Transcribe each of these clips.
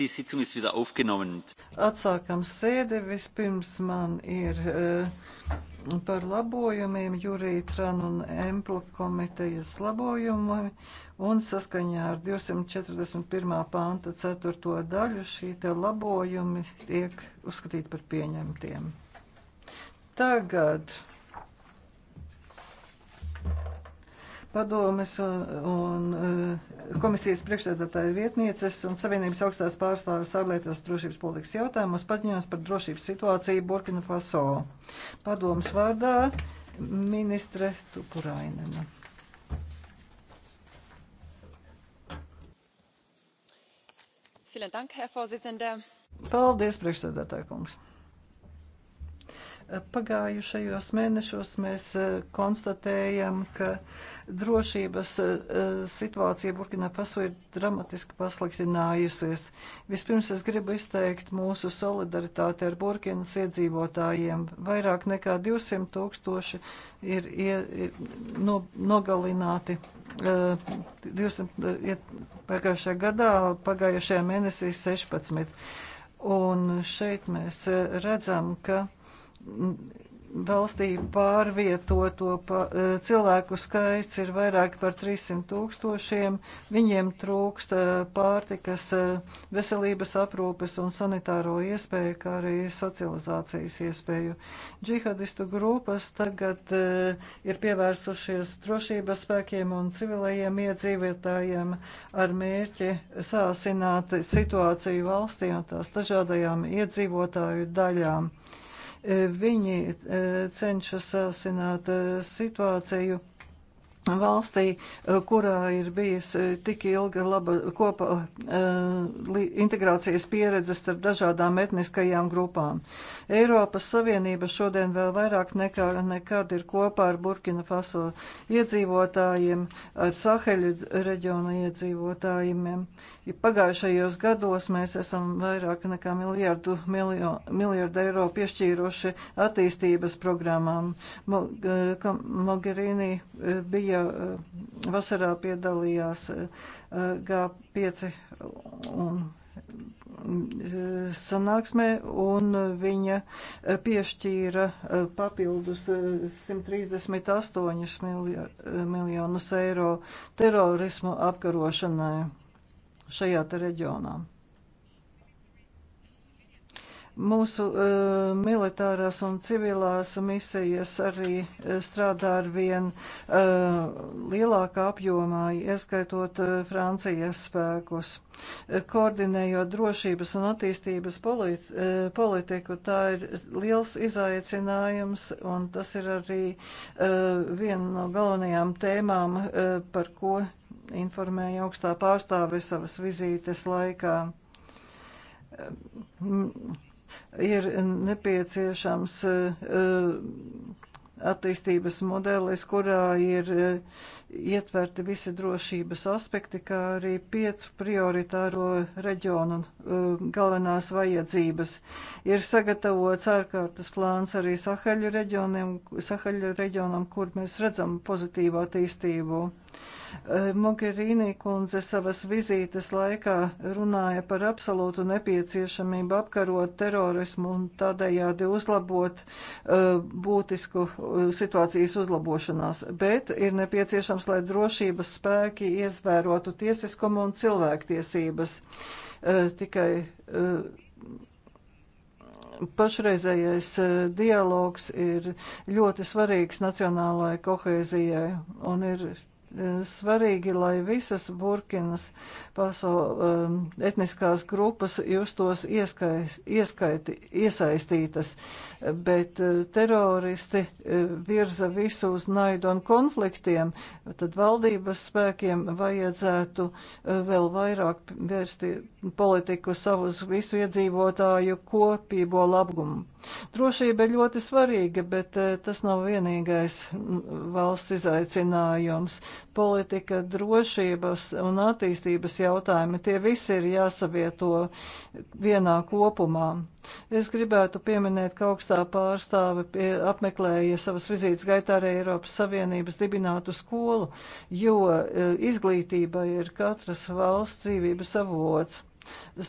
Atsākam sēdi. Vispirms man ir eh, par labojumiem Jurītran un Empla komitejas labojumi un saskaņā ar 241. panta 4. daļu šī te labojumi tiek uzskatīti par pieņemtiem. Tagad padomes un, un eh, komisijas priekšsēdētājas vietnieces un Savienības augstās pārstāvis ārlietās drošības politikas jautājumus paziņojums par drošības situāciju Burkina Faso. Padoms vārdā ministre Tupurainena. Paldies, priekšsēdētāja kungs. Pagājušajos mēnešos mēs e, konstatējam, ka drošības e, e, situācija Burkina Faso ir dramatiski pasliktinājusies. Vispirms es gribu izteikt mūsu solidaritāti ar Burkinas iedzīvotājiem. Vairāk nekā 200 tūkstoši ir, ir no, nogalināti 200, iet, pagājušajā gadā, pagājušajā mēnesī 16. Un šeit mēs redzam, ka valstī pārvietoto pa, e, cilvēku skaits ir vairāk par 300 tūkstošiem, viņiem trūkst e, pārtikas, e, veselības aprūpes un sanitāro iespēju, kā arī socializācijas iespēju. Džihadistu grupas tagad ir pievērsušies drošības spēkiem un civilajiem iedzīvotājiem ar mērķi sāsināt situāciju valstī un tās dažādajām iedzīvotāju daļām. E, viņi e, cenšas sāsināt e, situāciju valstī, kurā ir bijis tik ilga laba kopā uh, integrācijas pieredze starp dažādām etniskajām grupām. Eiropas Savienība šodien vēl vairāk nekā nekad ir kopā ar Burkina Faso iedzīvotājiem, ar Saheļu reģiona iedzīvotājiem. Ja pagājušajos gados mēs esam vairāk nekā miljardu, miljo, miljardu eiro piešķīruši attīstības programmām. Eh, Mogherini eh, bija eh, vasarā piedalījās G5 un sanāksmē, un viņa piešķīra papildus 138 miljonus eiro terorismu apkarošanai šajā te reģionā. Mūsu uh, militārās un civilās misijas arī eh, strādā ar vien uh, lielākā apjomā, ieskaitot uh, Francijas spēkus. Koordinējot drošības un attīstības politi politiku, tā ir liels izaicinājums, un tas ir arī viena no galvenajām tēmām, par ko informēja augstā pārstāve savas vizītes laikā. Mm, ir nepieciešams eh, attīstības modelis, kurā ir eh, ietverti visi drošības aspekti, kā arī piecu prioritāro reģionu eh, galvenās vajadzības. Ir sagatavots ārkārtas plāns arī Sahaļu reģionam, Sahaļu reģionam, kur mēs redzam pozitīvu attīstību. Eh, Mogherini kundze savas vizītes laikā runāja par absolūtu nepieciešamību apkarot terorismu un tādējādi uzlabot eh, būtisku eh, situācijas uzlabošanās, bet ir nepieciešams, lai drošības spēki iesvērotu tiesiskumu un cilvēktiesības. Tikai pašreizējais dialogs ir ļoti svarīgs nacionālajai kohēzijai un ir svarīgi, lai visas Burkinas paso um, etniskās grupas justos ieskais, ieskaiti, iesaistītas, bet uh, teroristi uh, virza visu uz naidu un konfliktiem, tad valdības spēkiem vajadzētu uh, vēl vairāk vērsti politiku savus visu iedzīvotāju kopībo labgumu. Drošība ir ļoti svarīga, bet uh, tas nav vienīgais mm, valsts izaicinājums politika, drošības un attīstības jautājumi. Tie visi ir jāsavieto vienā kopumā. Es gribētu pieminēt, ka augstā pārstāve pie, apmeklēja savas vizītes gaitā arī Eiropas Savienības dibinātu skolu, jo eh, izglītība ir katras valsts dzīvības avots.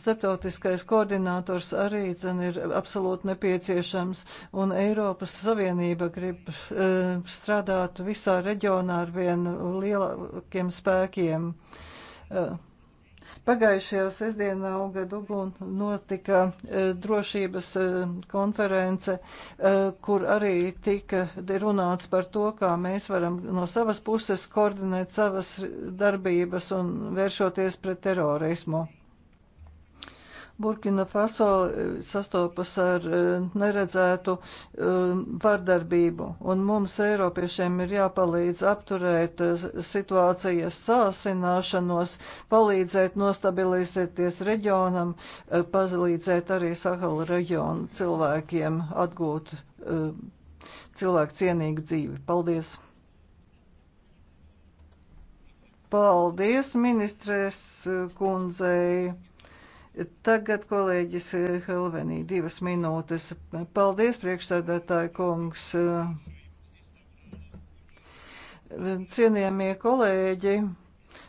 Starptautiskais koordinators arī dzen, ir absolūti nepieciešams, un Eiropas Savienība grib e, strādāt visā reģionā ar vien lielākiem spēkiem. E, Pagājušajā sestdienā Olga Duguna notika e, drošības e, konference, e, kur arī tika runāts par to, kā mēs varam no savas puses koordinēt savas darbības un vēršoties pret terorismu. Burkina Faso e, sastopas ar e, neredzētu e, vardarbību, un mums, Eiropiešiem, ir jāpalīdz apturēt situācijas sāsināšanos, palīdzēt nostabilizēties reģionam, palīdzēt arī Sahela reģionu cilvēkiem atgūt cilvēku cienīgu dzīvi. Paldies! Paldies ministres kundzei! Tagad kolēģis Helvenī divas minūtes. Paldies, priekšsēdētāji kungs. Cienījamie kolēģi.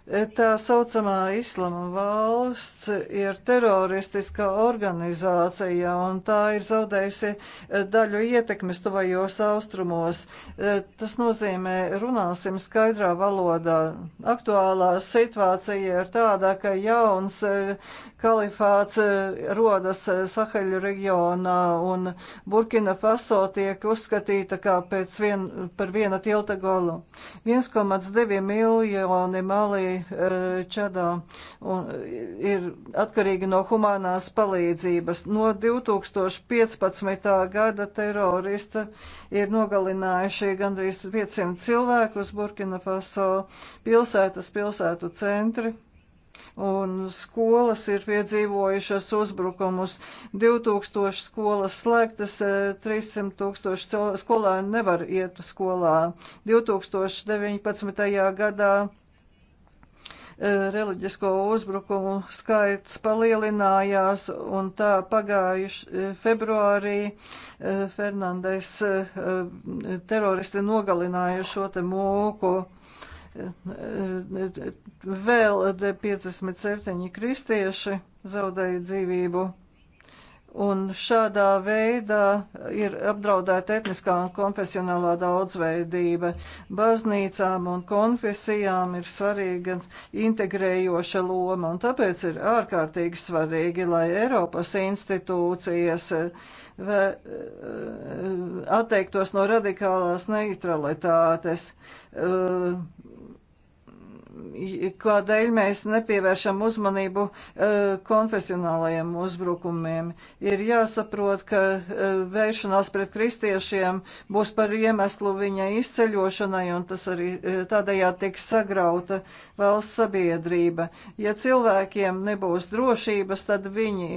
Tā saucamā islama valsts ir teroristiska organizācija, un tā ir zaudējusi eh, daļu ietekmes tuvajos austrumos. Eh, tas nozīmē, runāsim skaidrā valodā. Aktuālā situācija ir tāda, ka jauns eh, kalifāts rodas Saheļu reģionā, un Burkina Faso tiek uzskatīta kā pēc vien, par viena tilta golu. 1,2 miljoni Malī Eh, Čadā un ir atkarīgi no humanās palīdzības. No 2015. gada terorista ir nogalinājuši gandrīz 500 cilvēkus Burkina Faso pilsētas pilsētu centri. Un skolas ir piedzīvojušas uzbrukumus. 2000 skolas slēgtas, 300 eh, tūkstoši skolēni nevar iet skolā. 2019. gadā reliģisko uzbrukumu skaits palielinājās, un tā pagājuši februārī Fernandes teroristi nogalināja šo te mūku vēl 57 kristieši zaudēja dzīvību. Un šādā veidā ir apdraudēta etniskā un konfesionālā daudzveidība. Baznīcām un konfesijām ir svarīga integrējoša loma, un tāpēc ir ārkārtīgi svarīgi, lai Eiropas institūcijas atteiktos no radikālās neutralitātes kādēļ mēs nepievēršam uzmanību eh, konfesionālajiem uzbrukumiem. Ir jāsaprot, ka eh, vēršanās pret kristiešiem būs par iemeslu viņa izceļošanai, un tas arī eh, tādējādi tiks sagrauta valsts sabiedrība. Ja cilvēkiem nebūs drošības, tad viņi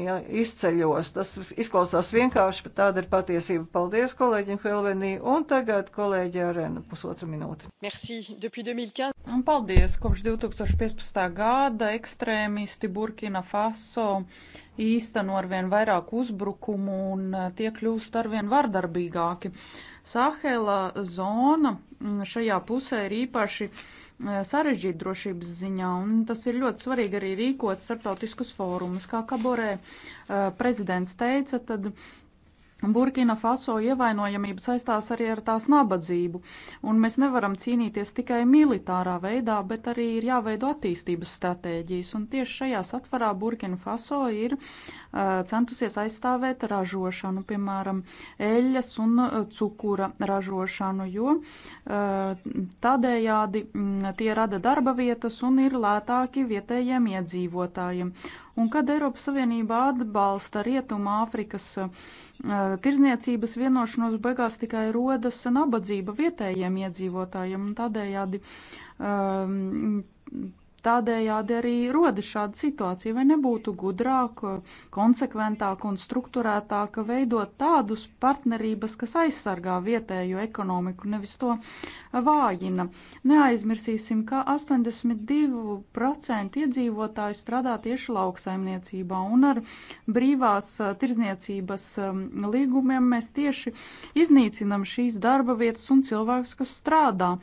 izceļos. Tas izklausās vienkārši, bet tāda ir patiesība. Paldies kolēģim Helvenī, un tagad kolēģi Arena pusotra minūte. Merci, depuis 2015. Un paldies, kopš Kopš 2015. gada ekstrēmisti Burkina Faso īsteno arvien vairāk uzbrukumu un e, tie kļūst arvien vardarbīgāki. Sahela zona šajā pusē ir īpaši e, sarežģīta drošības ziņā, un tas ir ļoti svarīgi arī rīkot starptautiskus fórumus. Kā Kaborē e, prezidents teica, tad Burkina Faso ievainojamība saistās arī ar tās nabadzību, un mēs nevaram cīnīties tikai militārā veidā, bet arī ir jāveido attīstības stratēģijas, un tieši šajā satvarā Burkina Faso ir uh, centusies aizstāvēt ražošanu, piemēram, eļas un cukura ražošanu, jo uh, tādējādi m, tie rada darba vietas un ir lētāki vietējiem iedzīvotājiem un kad Eiropas Savienība atbalsta Rietuma Āfrikas eh, tirzniecības vienošanos, beigās tikai rodas nabadzība vietējiem iedzīvotājiem un tādējādi um, Tādējādi arī rodas šāda situācija, vai nebūtu gudrāk, konsekventāk un struktūrētāk veidot tādus partnerības, kas aizsargā vietējo ekonomiku, nevis to vājina. Neaizmirsīsim, ka 82% iedzīvotāju strādā tieši lauksaimniecībā un ar brīvās eh, tirzniecības eh, līgumiem mēs tieši iznīcinam šīs darba vietas un cilvēkus, kas strādā eh,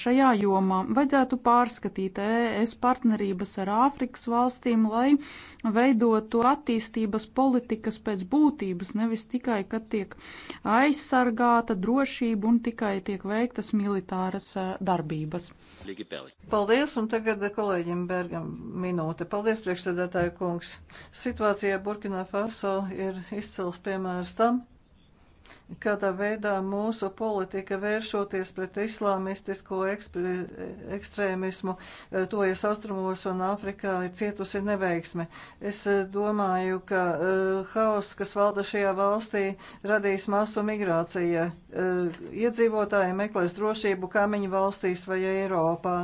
šajā jomā. Vajadzētu pārskatīt ES partnerības ar Āfrikas valstīm, lai veidotu attīstības politikas pēc būtības, nevis tikai, kad tiek aizsargāta drošība un tikai tiek veiktas militāras eh, darbības. Paldies, un tagad kolēģim Bergam minūte. Paldies, priekšsēdētāju kungs. Situācija Burkina Faso ir izcils piemērs tam, kādā veidā mūsu politika vēršoties pret islāmistisko ekspre, ekstrēmismu, eh, tojas austrumos un Āfrikā, ir cietusi neveiksme. Es eh, domāju, ka uh, haoss, kas valda šajā valstī, radīs masu migrācija. Uh, iedzīvotāji meklēs drošību kaimiņu valstīs vai Eiropā.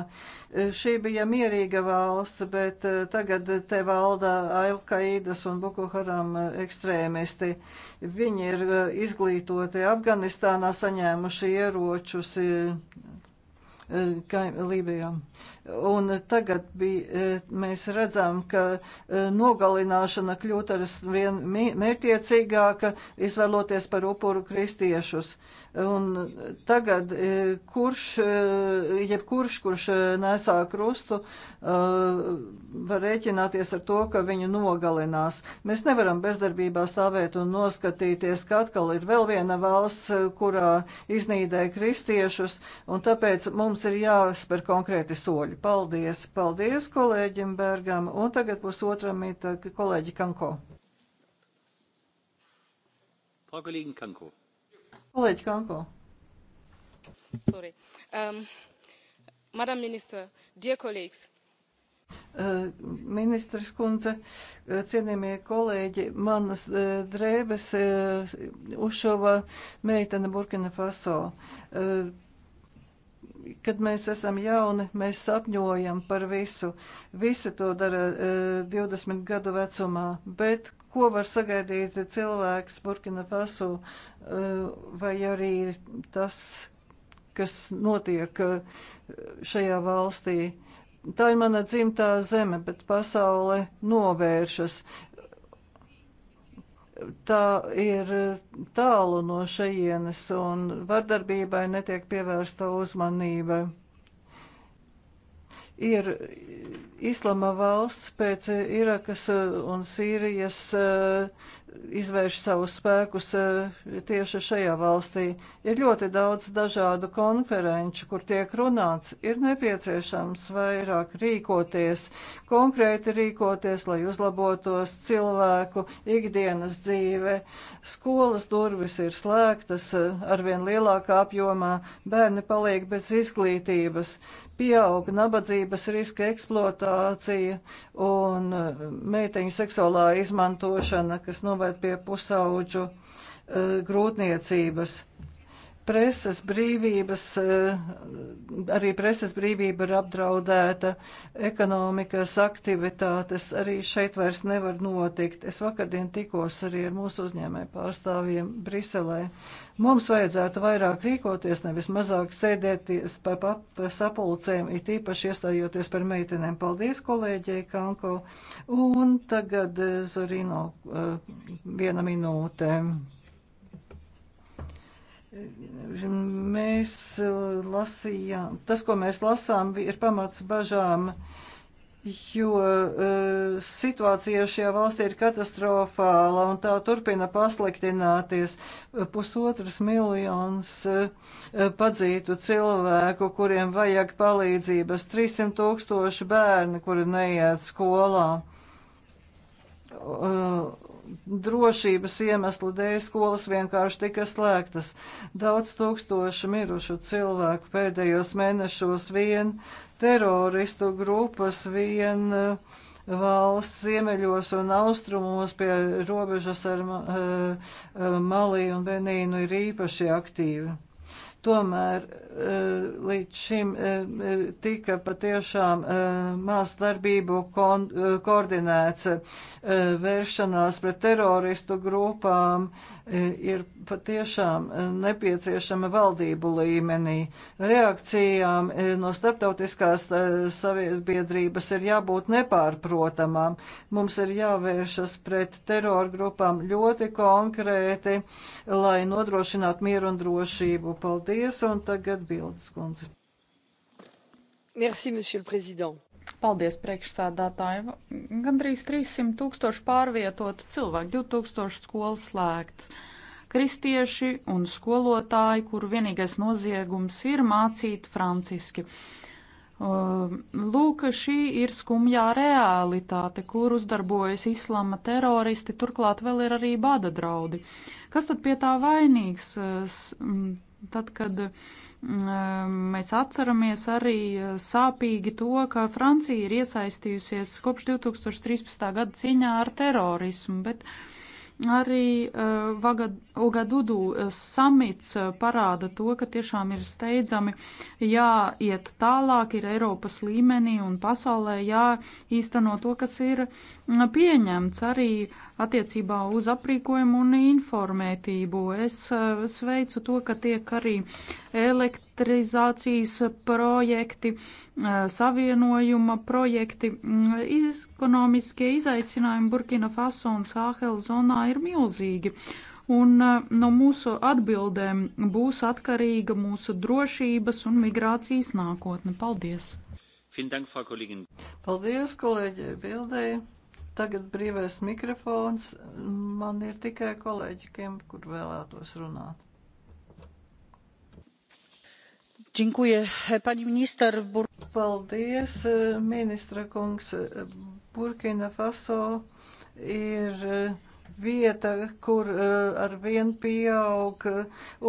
Uh, šī bija mierīga valsts, bet uh, tagad te valda Ailkaidas un Buku Haram ekstrēmisti. Viņi ir uh, izglītoti ievainotie Afganistānā saņēmuši ieročus e, e, Lībijā. Un tagad bija, e, mēs redzam, ka nogalināšana kļūt ar vien mērķiecīgāka, izvēloties par upuru kristiešus. Uh, Un tagad e, kurš, e, jebkurš, kurš e, nesā krustu, var rēķināties ar to, ka viņu nogalinās. Mēs nevaram bezdarbībā stāvēt un noskatīties, ka atkal ir vēl viena valsts, kurā iznīdē kristiešus, un tāpēc mums ir jāspēr konkrēti soļi. Paldies! Paldies kolēģim Bergam, un tagad pusotra mīta kolēģi Kanko. Frau Kollegin Kanko. Kolēģi Kanko. Sorry. Um, Madam Minister, dear colleagues, uh, Ministras kundze, uh, cienījamie kolēģi, manas uh, drēbes uzšova meitene Burkina Faso kad mēs esam jauni, mēs sapņojam par visu. Visi to dara 20 e, gadu vecumā, bet ko var sagaidīt cilvēks Burkina Faso e, vai arī tas, kas notiek e, šajā valstī? Tā ir mana dzimtā zeme, bet pasaule novēršas tā ir tālu no šejienes un vardarbībai netiek pievērsta uzmanība ir Islama valsts pēc Irakas uh, un Sīrijas uh, izvērš savus spēkus uh, tieši šajā valstī. Ir ļoti daudz dažādu konferenču, kur tiek runāts, ir nepieciešams vairāk rīkoties, konkrēti rīkoties, lai uzlabotos cilvēku ikdienas dzīve. Skolas durvis ir slēgtas arvien lielākā apjomā, bērni paliek bez izglītības pieaug nabadzības riska eksploatācija un uh, meiteņu seksuālā izmantošana, kas noved pie pusauģu uh, grūtniecības. Preses brīvības, eh, arī preses brīvība ir apdraudēta, ekonomikas aktivitātes arī šeit vairs nevar notikt. Es vakardien tikos arī ar mūsu uzņēmē pārstāvjiem Briselē. Mums vajadzētu vairāk rīkoties, nevis mazāk sēdēties pa, pa, pa sapulcēm, it īpaši iestājoties par meitenēm. Paldies kolēģei Kanko. Un tagad eh, Zorino eh, viena minūte. Mēs uh, lasījām, tas, ko mēs lasām, ir pamats bažām jo uh, situācija šajā valstī ir katastrofāla un tā turpina pasliktināties. Pusotras miljonus uh, padzītu cilvēku, kuriem vajag palīdzības, 300 tūkstoši bērni, kuri neiet skolā. Uh, drošības iemeslu dēļ skolas vienkārši tika slēgtas. Daudz tūkstoši mirušu cilvēku pēdējos mēnešos vien, teroristu grupas vien uh, valsts ziemeļos un austrumos pie robežas ar uh, Malī un Benīnu ir īpaši aktīvi. Tomēr Eh, līdz šim eh, tika patiešām eh, maz darbību koordinēts. Vēršanās pret teroristu grupām ir patiešām nepieciešama valdību līmenī. Reakcijām no starptautiskās sabiedrības ir jābūt nepārprotamām. Mums ir jāvēršas pret terorgrupām ļoti konkrēti, lai nodrošinātu mieru un drošību. Paldies! Un tagad atbildes, kundze. Merci, monsieur le président. Paldies priekšsādātāji. Gandrīz 300 tūkstoši pārvietotu cilvēku, 2000 skolas slēgts. Kristieši un skolotāji, kuru vienīgais noziegums ir mācīt franciski. Um, lūk, šī ir skumjā realitāte, kur uzdarbojas islama teroristi, turklāt vēl ir arī bada draudi. Kas tad pie tā vainīgs? Tad, kad Ehm, mēs atceramies arī eh, sāpīgi to, ka Francija ir iesaistījusies kopš 2013. gada cīņā ar terorismu, bet arī Ogadudu eh, eh, samits parāda to, ka tiešām ir steidzami jāiet tālāk, ir Eiropas līmenī un pasaulē jāīsteno to, kas ir pieņemts arī uh, attiecībā uz aprīkojumu un informētību. Es eh, sveicu to, ka tiek arī elektrizācijas projekti, eh, savienojuma projekti. Ekonomiskie mm, izaicinājumi Burkina Faso un Sāhel zonā ir milzīgi. Un eh, no mūsu atbildēm būs atkarīga mūsu drošības un migrācijas nākotne. Paldies! Paldies, kolēģi, bildēji! Tagad brīvais mikrofons. Man ir tikai kolēģiem, kur vēlētos runāt. Dziękuję, pani minister. Bur Paldies, ministra kungs. Burkina Faso ir vieta, kur eh, ar vien pieaug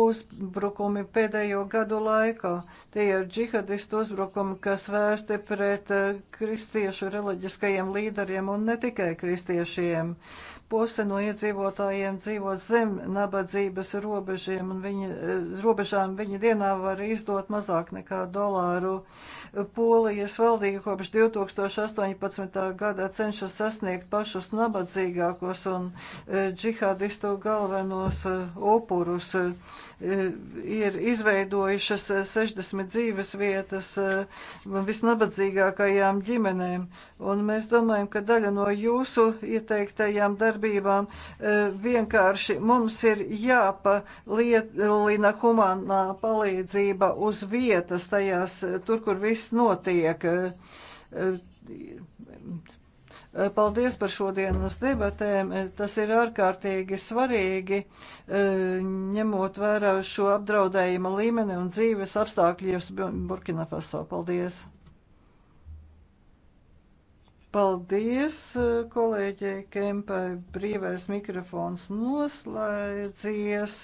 uzbrukumi pēdējo gadu laikā. Tie ir džihadistu uzbrukumi, kas vērsti pret eh, kristiešu reliģiskajiem līderiem un ne tikai kristiešiem. Puse no iedzīvotājiem dzīvo zem nabadzības robežiem, un viņi, eh, robežām viņi dienā var izdot mazāk nekā dolāru. Polijas valdība kopš 2018. gada cenšas sasniegt pašus nabadzīgākos un eh, džihadistu galvenos eh, upurus. Uh, ir izveidojušas 60 dzīves vietas eh, visnabadzīgākajām ģimenēm. Un mēs domājam, ka daļa no jūsu ieteiktajām darbībām eh, vienkārši mums ir jāpalielina humanā palīdzība uz vietas tajās, eh, tur, kur viss notiek Eh, paldies par šodienas debatēm. Eh, tas ir ārkārtīgi svarīgi, eh, ņemot vērā šo apdraudējuma līmeni un dzīves apstākļus Burkina Faso. Paldies! Paldies kolēģei Kempai. Brīvais mikrofons noslēdzies.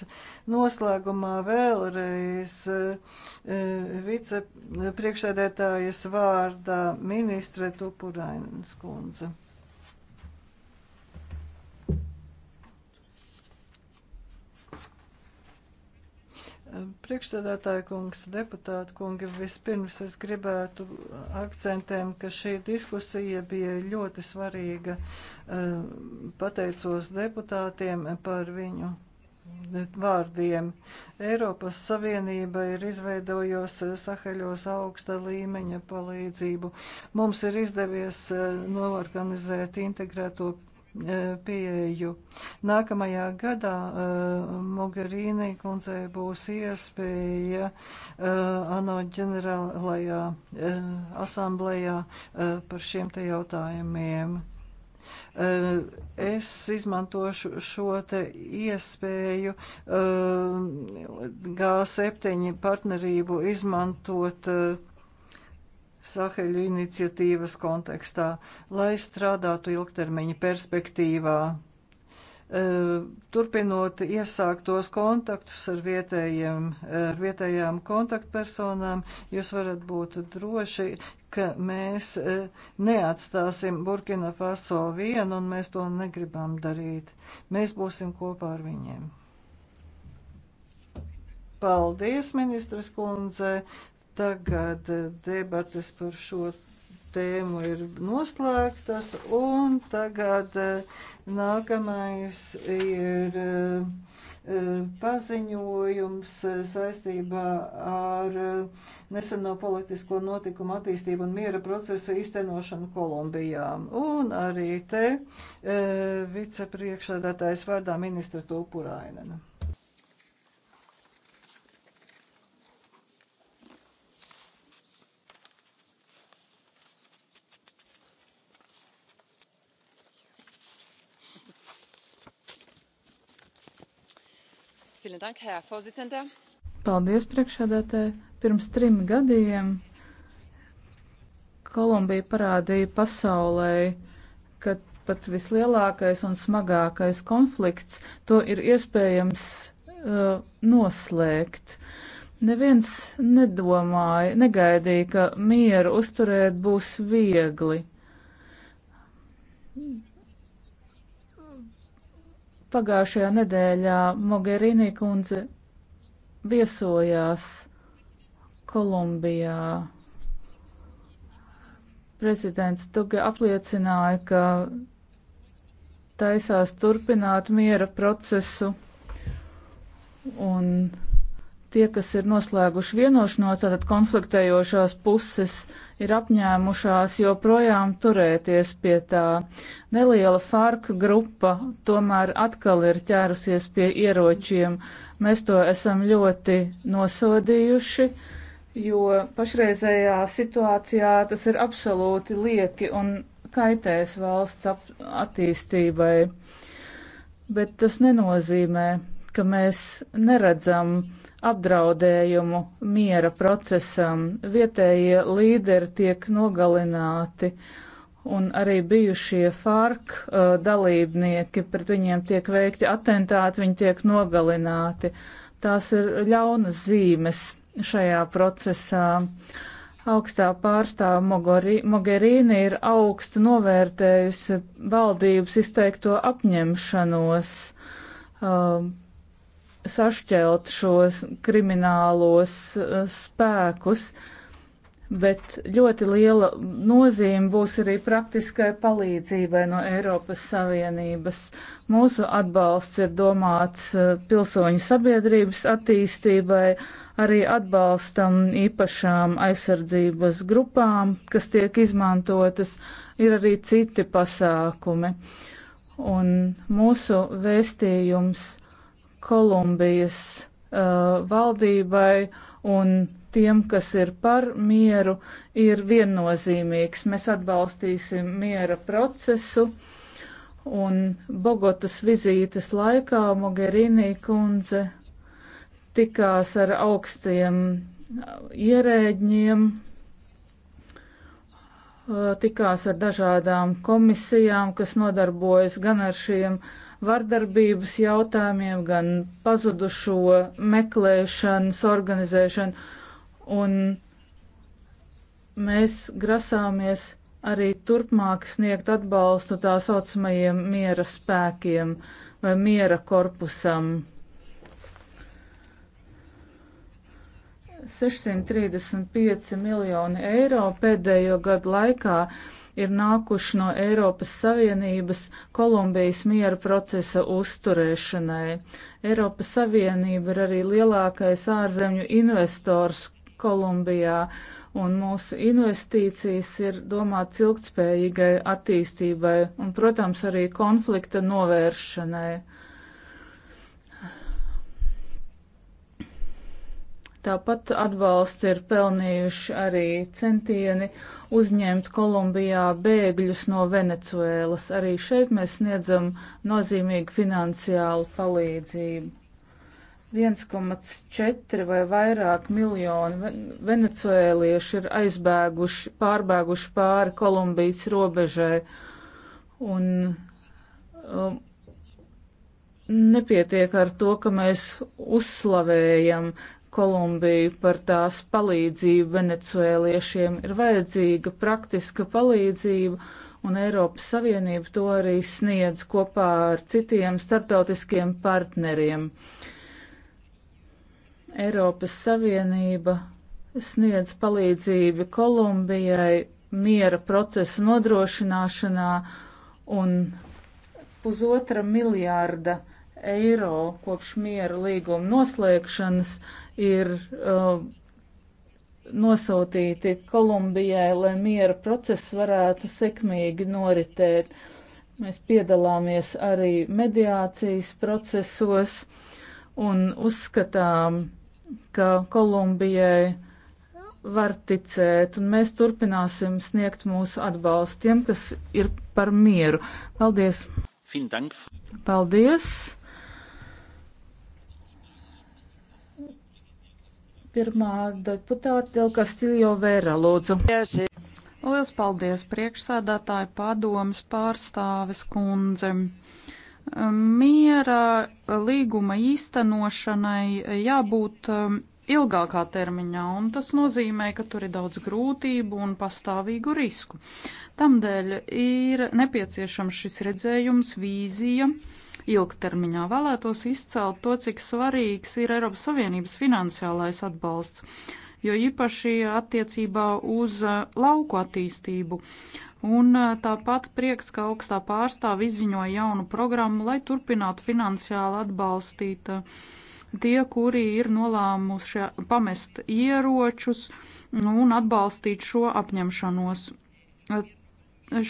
Noslēgumā vēlreiz eh, vicepriekšsēdētājas vārdā ministre Tupurainas kundze. Priekšsēdētāja kungs, deputāta kungi, vispirms es gribētu akcentēm, ka šī diskusija bija ļoti svarīga. Eh, pateicos deputātiem par viņu vārdiem. Eiropas Savienība ir izveidojusi Saheļos augsta līmeņa palīdzību. Mums ir izdevies eh, norganizēt integrēto pieeju. Nākamajā gadā eh, Mogherīnī kundzei būs iespēja eh, ANO ģenerālajā eh, asamblējā par šiem te jautājumiem es izmantošu šo te iespēju G7 partnerību izmantot Saheļu iniciatīvas kontekstā, lai strādātu ilgtermiņa perspektīvā. E, turpinot iesāktos kontaktus ar, vietējiem, e, ar vietējām kontaktpersonām, jūs varat būt droši, ka mēs e, neatstāsim Burkina Faso vienu, un mēs to negribam darīt. Mēs būsim kopā ar viņiem. Paldies, ministras kundze. Tagad debatas par šo tēmu ir noslēgtas, un tagad eh, nākamais ir eh, paziņojums eh, saistībā ar neseno politisko notikumu attīstību un miera procesu īstenošanu Kolumbijā. Un arī te vicepriekšādātājs vārdā ministra Tulpurainena. Paldies, priekšsēdētāji. Pirms trim gadiem Kolumbija parādīja pasaulē, ka pat vislielākais un smagākais konflikts to ir iespējams uh, noslēgt. Neviens nedomāja, negaidīja, ka mieru uzturēt būs viegli. Pagājušajā nedēļā Mogherini kundze viesojās Kolumbijā. Prezidents Tuga apliecināja, ka taisās turpināt miera procesu un tie, kas ir noslēguši vienošanos, tātad konfliktējošās puses, ir apņēmušās joprojām turēties pie tā. Neliela farka grupa tomēr atkal ir ķērusies pie ieročiem. Mēs to esam ļoti nosodījuši, jo pašreizējā situācijā tas ir absolūti lieki un kaitēs valsts attīstībai. Bet tas nenozīmē, ka mēs neredzam apdraudējumu miera procesam. Vietējie līderi tiek nogalināti un arī bijušie FARC uh, dalībnieki, pret viņiem tiek veikti atentāti, viņi tiek nogalināti. Tās ir ļaunas zīmes šajā procesā. Augstā pārstāva Mogherini ir augstu novērtējusi valdības izteikto apņemšanos. Uh, sašķelt šos kriminālos eh, spēkus, bet ļoti liela nozīme būs arī praktiskai palīdzībai no Eiropas Savienības. Mūsu atbalsts ir domāts eh, pilsoņu sabiedrības attīstībai, arī atbalstam īpašām aizsardzības grupām, kas tiek izmantotas, ir arī citi pasākumi. Un mūsu vēstījums ir, Kolumbijas uh, valdībai un tiem, kas ir par mieru, ir viennozīmīgs. Mēs atbalstīsim miera procesu. Un Bogotas vizītes laikā Mogherini kundze tikās ar augstiem uh, ierēģiem, uh, tikās ar dažādām komisijām, kas nodarbojas gan ar šiem uh, vardarbības jautājumiem, gan pazudušo meklēšanas organizēšanu. Un mēs grasāmies arī turpmāk sniegt atbalstu tā saucamajiem miera spēkiem vai miera korpusam. 635 miljoni eiro pēdējo gadu laikā ir nākuši no Eiropas Savienības Kolumbijas miera procesa uzturēšanai. Eiropas Savienība ir arī lielākais ārzemju investors Kolumbijā, un mūsu investīcijas ir domāts ilgtspējīgai attīstībai un, protams, arī konflikta novēršanai. Tāpat atbalsts ir pelnījuši arī centieni uzņemt Kolumbijā bēgļus no Venecuēlas. Arī šeit mēs sniedzam nozīmīgu finansiālu palīdzību. 1,4 vai vairāk miljoni venecuēlieši ir aizbēguši, pārbēguši pāri Kolumbijas robežai. Un, um, nepietiek ar to, ka mēs uzslavējam Kolumbiju par tās palīdzību venecuēliešiem. Ir vajadzīga praktiska palīdzība, un Eiropas Savienība to arī sniedz kopā ar citiem starptautiskiem partneriem. Eiropas Savienība sniedz palīdzību Kolumbijai miera procesa nodrošināšanā un pusotra miljārda eiro eiro kopš miera līguma noslēgšanas ir uh, nosūtīti Kolumbijai, lai miera process varētu sekmīgi noritēt. Mēs piedalāmies arī mediācijas procesos un uzskatām, ka Kolumbijai var ticēt, un mēs turpināsim sniegt mūsu atbalstu tiem, kas ir par mieru. Paldies! Paldies! Pirmā deputāta Tilka Stiljo Vēra, lūdzu. Lielas paldies priekšsēdētāju padomas pārstāves kundzem. Miera līguma īstenošanai jābūt um, ilgākā termiņā, un tas nozīmē, ka tur ir daudz grūtību un pastāvīgu risku. Tamdēļ ir nepieciešams šis redzējums, vīzija ilgtermiņā. Vēlētos izcelt to, cik svarīgs ir Eiropas Savienības finansiālais atbalsts, jo īpaši attiecībā uz uh, lauku attīstību. Un uh, tāpat prieks, ka augstā pārstāva izziņoja jaunu programmu, lai turpinātu finansiāli atbalstīt uh, tie, kuri ir nolēmuši pamest ieročus un atbalstīt šo apņemšanos.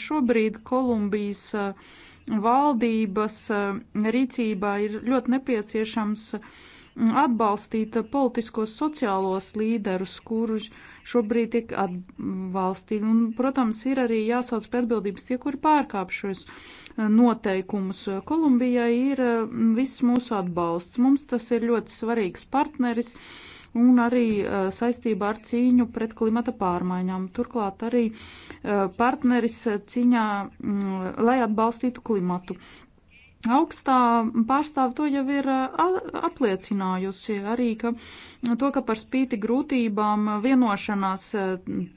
Šobrīd Kolumbijas valdības eh, rīcībā ir ļoti nepieciešams mm, atbalstīt politiskos sociālos līderus, kurus šobrīd tiek atbalstīti. Un, protams, ir arī jāsauc pie atbildības tie, kuri pārkāpšos eh, noteikumus. Kolumbijai ir eh, viss mūsu atbalsts. Mums tas ir ļoti svarīgs partneris. Uh, un arī eh, saistībā ar cīņu pret klimata pārmaiņām. Turklāt arī eh, partneris cīņā, mm, lai atbalstītu klimatu. Augstā pārstāve to jau ir eh, apliecinājusi arī, ka mm, to, ka par spīti grūtībām vienošanās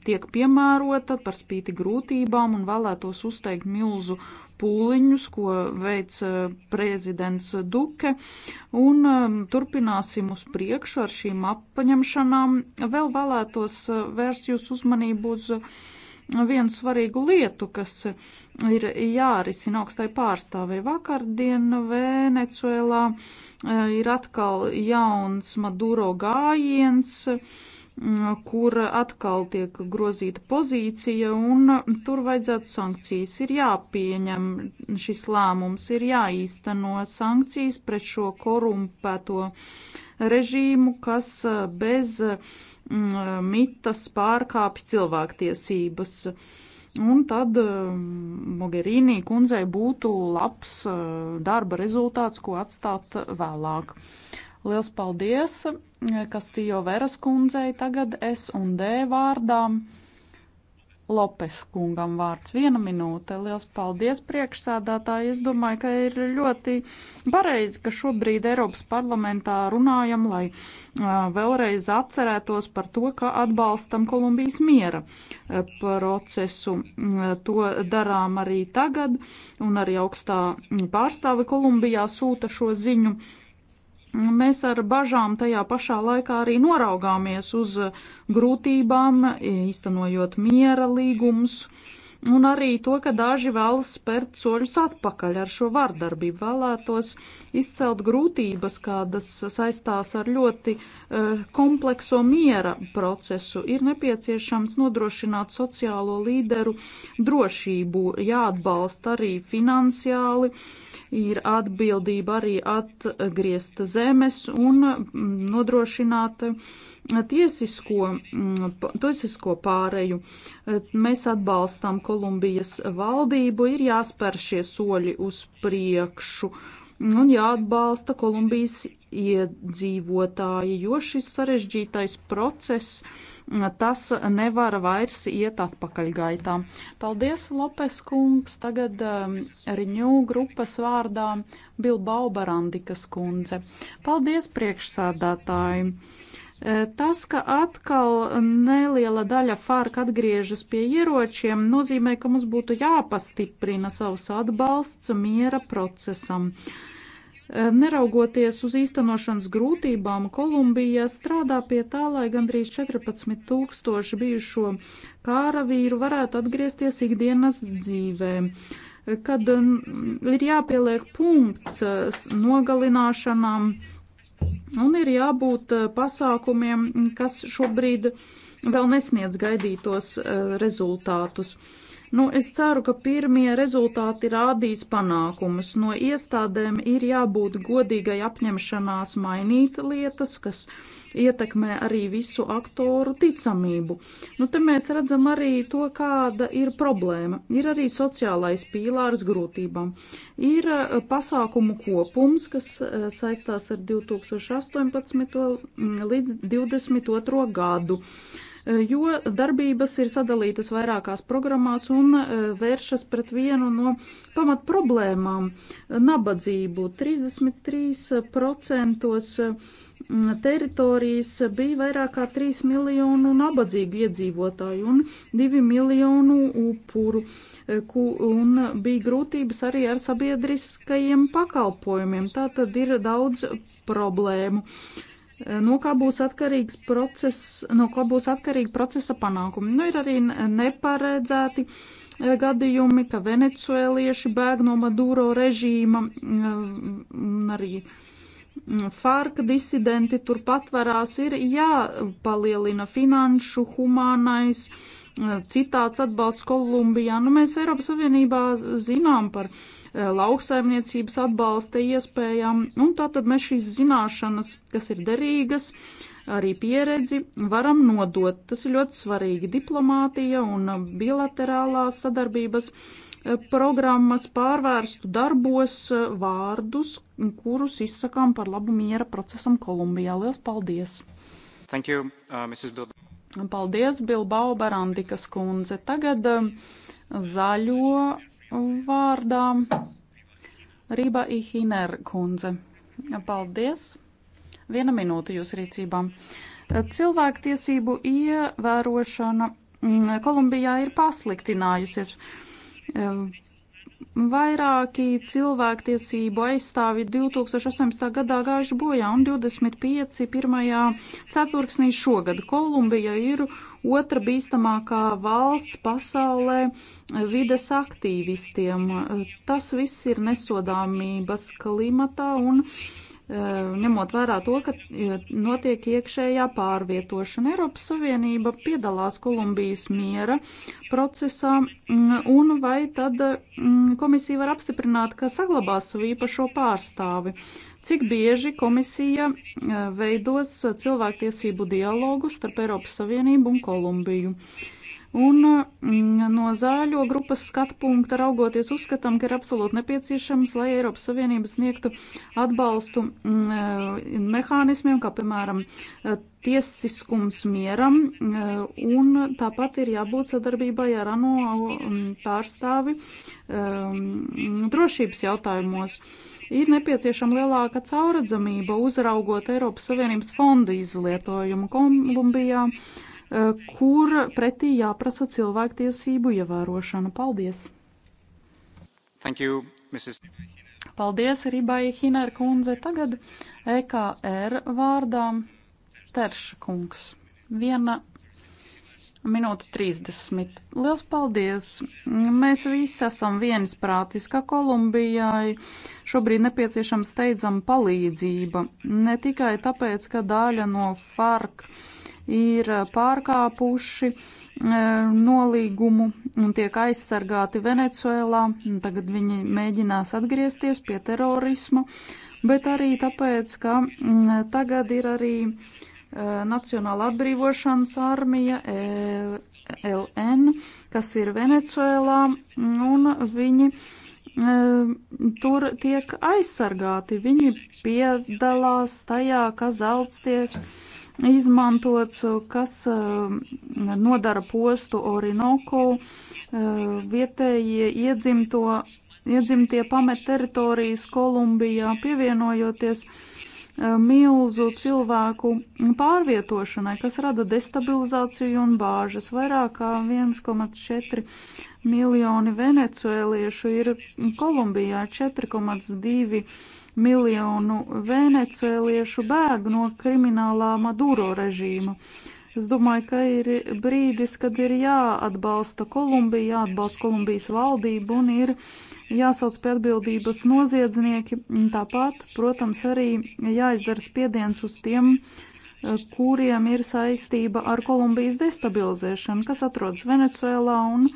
tiek piemērota, par spīti grūtībām un vēlētos uzteikt milzu pūliņus, ko veic eh, prezidents Duke, un eh, turpināsim uz priekšu ar šīm apņemšanām. Vēl vēlētos eh, vērst jūsu uzmanību uz vienu svarīgu lietu, kas ir jārisina augstai pārstāvē. Vakardien Venecuēlā ir atkal jauns Maduro gājiens. Mm, kur atkal tiek grozīta pozīcija, un tur vajadzētu sankcijas. Ir jāpieņem šis lēmums, ir jāīsteno sankcijas pret šo korumpēto režīmu, kas bez mm, mitas pārkāpj cilvēktiesības. Un tad mm, Mogherīnī kundzei būtu labs darba rezultāts, ko atstāt vēlāk. Liels paldies! Kastījo Veras kundzei, tagad es un D vārdām. Lopes kungam vārds viena minūte. Liels paldies priekšsādātāji. Es domāju, ka ir ļoti pareizi, ka šobrīd Eiropas parlamentā runājam, lai uh, vēlreiz atcerētos par to, ka atbalstam Kolumbijas miera uh, procesu. Uh, to darām arī tagad, un arī augstā pārstāve Kolumbijā sūta šo ziņu. Uh, Mēs ar bažām tajā pašā laikā arī noraugāmies uz grūtībām, īstenojot miera līgumus, un arī to, ka daži vēlas spērt soļus atpakaļ ar šo vardarbību. Vēlētos izcelt grūtības, kādas saistās ar ļoti eh, komplekso miera procesu. Ir nepieciešams nodrošināt sociālo līderu drošību, jāatbalsta arī finansiāli ir atbildība arī atgriezt zemes un mm, nodrošināt tiesisko, mm, tiesisko pāreju. Mēs atbalstām Kolumbijas valdību, ir jāspēr šie soļi uz priekšu. Uh, un jāatbalsta Kolumbijas iedzīvotāji, jo šis sarežģītais process tas nevar vairs iet atpakaļ gaitā. Paldies, Lopes kungs, tagad um, riņū grupas vārdā Bilbao Barandikas kundze. Paldies, priekšsādātāji! E, tas, ka atkal neliela daļa farka atgriežas pie ieročiem, nozīmē, ka mums būtu jāpastiprina savs atbalsts miera procesam. Uh, Neraugoties uz īstenošanas grūtībām, Kolumbija strādā pie tā, lai gandrīz 14 tūkstoši bijušo kāravīru varētu atgriezties ikdienas dzīvē. Kad ir jāpieliek punkts nogalināšanām un ir jābūt e, pasākumiem, kas šobrīd vēl nesniedz gaidītos e, rezultātus. Nu, es ceru, ka pirmie rezultāti rādīs panākumus. No iestādēm ir jābūt godīgai apņemšanās mainīt lietas, kas ietekmē arī visu aktoru ticamību. Nu, te mēs redzam arī to, kāda ir problēma. Ir arī sociālais pīlārs grūtībām. Ir eh, pasākumu kopums, kas eh, saistās ar 2018. Mm, līdz 2022. gadu. Eh, jo darbības ir sadalītas vairākās programmās un eh, vēršas pret vienu no pamat problēmām - nabadzību. 33% mm, teritorijas bija vairāk kā 3 miljonu nabadzīgu iedzīvotāju un 2 miljonu upuru, eh, un bija grūtības arī ar sabiedriskajiem pakalpojumiem. Tā tad ir daudz problēmu. Uh, Eh, no kā būs atkarīgs process, no kā būs atkarīga procesa panākumi. Nu, ir arī neparedzēti eh, gadījumi, ka venecuēlieši bēg no Maduro režīma mm, eh, un arī mm, FARC disidenti tur patverās, ir jāpalielina finanšu, humānais. Ja citāts atbalsts Kolumbijā. Nu, mēs Eiropas Savienībā zinām par eh, lauksaimniecības atbalsta iespējām, un tātad mēs šīs zināšanas, kas ir derīgas, arī pieredzi varam nodot. Tas ir ļoti svarīgi diplomātija un eh, bilaterālās sadarbības eh, programmas pārvērstu darbos vārdus, kurus izsakām par labu miera procesam Kolumbijā. Lielas paldies! Thank you, uh, Mrs. Bilbao. Paldies, Bilbao Barandikas kundze. Tagad um, zaļo vārdā Rība Ihiner kundze. Paldies. Viena minūte jūs rīcībām. Cilvēktiesību ievērošana mm, Kolumbijā ir pasliktinājusies. Vairāki cilvēktiesību aizstāvi 2018. gadā gājuši bojā un 25. pirmajā ceturksnī šogad. Kolumbija ir otra bīstamākā valsts pasaulē vides aktīvistiem. Tas viss ir nesodāmības klimatā un Eh, ņemot vērā to, ka eh, notiek iekšējā pārvietošana. Eiropas Savienība piedalās Kolumbijas miera procesā, mm, un vai tad mm, komisija var apstiprināt, ka saglabās savu īpašo pārstāvi? Cik bieži komisija eh, veidos cilvēktiesību dialogu starp Eiropas Savienību un Kolumbiju? Uh, Un mm, no zāļo grupas skatu punkta raugoties uzskatām, ka ir absolūti nepieciešams, lai Eiropas Savienība sniegtu atbalstu mm, mehānismiem, kā piemēram eh, tiesiskums mieram, eh, un tāpat ir jābūt sadarbībai ar ANO mm, pārstāvi eh, drošības jautājumos. Ir nepieciešama lielāka cauradzamība, uzraugot Eiropas Savienības fondu izlietojumu Kolumbijā. Uh, kur pretī jāprasa cilvēktiesību ievērošana. Paldies! Thank you, Mrs. Paldies, Ribai Hiner kundze. Tagad EKR vārdā Terša kungs. Viena minūte 30. Liels paldies! Mēs visi esam viensprātis, ka Kolumbijai šobrīd nepieciešama steidzama palīdzība. Ne tikai tāpēc, ka daļa no FARC ir eh, pārkāpuši eh, nolīgumu un tiek aizsargāti Venecuēlā. Tagad viņi mēģinās atgriezties pie terorisma, bet arī tāpēc, ka mm, tagad ir arī eh, Nacionāla atbrīvošanas armija e LN, kas ir Venecuēlā, un viņi tur tiek aizsargāti. Viņi piedalās tajā, ka zelts tiek izmantots, kas eh, nodara postu Orinoku. Eh, vietējie iedzimto, iedzimtie pamet teritorijas Kolumbijā pievienojoties eh, milzu cilvēku pārvietošanai, kas rada destabilizāciju un bāžas. Vairāk kā 1,4 miljoni venecuēliešu ir Kolumbijā, 4,2 miljoni miljonu venecuēliešu bēg no kriminālā Maduro režīma. Es domāju, ka ir brīdis, kad ir jāatbalsta Kolumbija, jāatbalsta Kolumbijas valdība un ir jāsauc pie atbildības noziedznieki. Tāpat, protams, arī jāizdara spiediens uz tiem, kuriem ir saistība ar Kolumbijas destabilizēšanu, kas atrodas Venecuēlā un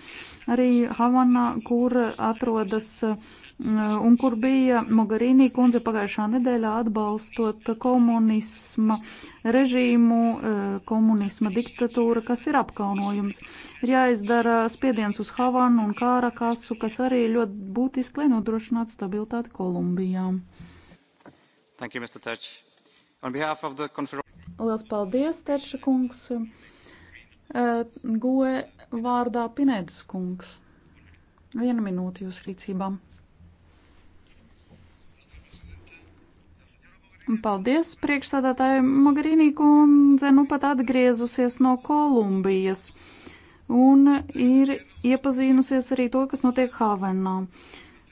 arī Havanā, kur atrodas uh, Uh, un kur bija Mogarīnī kundze pagājušā nedēļā atbalstot komunisma režīmu, uh, komunisma diktatūra, kas ir apkaunojums. Ir jāizdara spiediens uz Havanu un Kārakasu, kas arī ļoti būtiski, lai nodrošinātu stabilitāti Kolumbijā. Thank you, Mr. Terč. On behalf of the conference. Lielas paldies, Terša kungs. Uh, Goe vārdā Pinēdas kungs. Viena minūte jūs rīcībām. Paldies, priekšsādātāji Magarīnī kundze, nu pat atgriezusies no Kolumbijas un ir iepazīnusies arī to, kas notiek Havanā.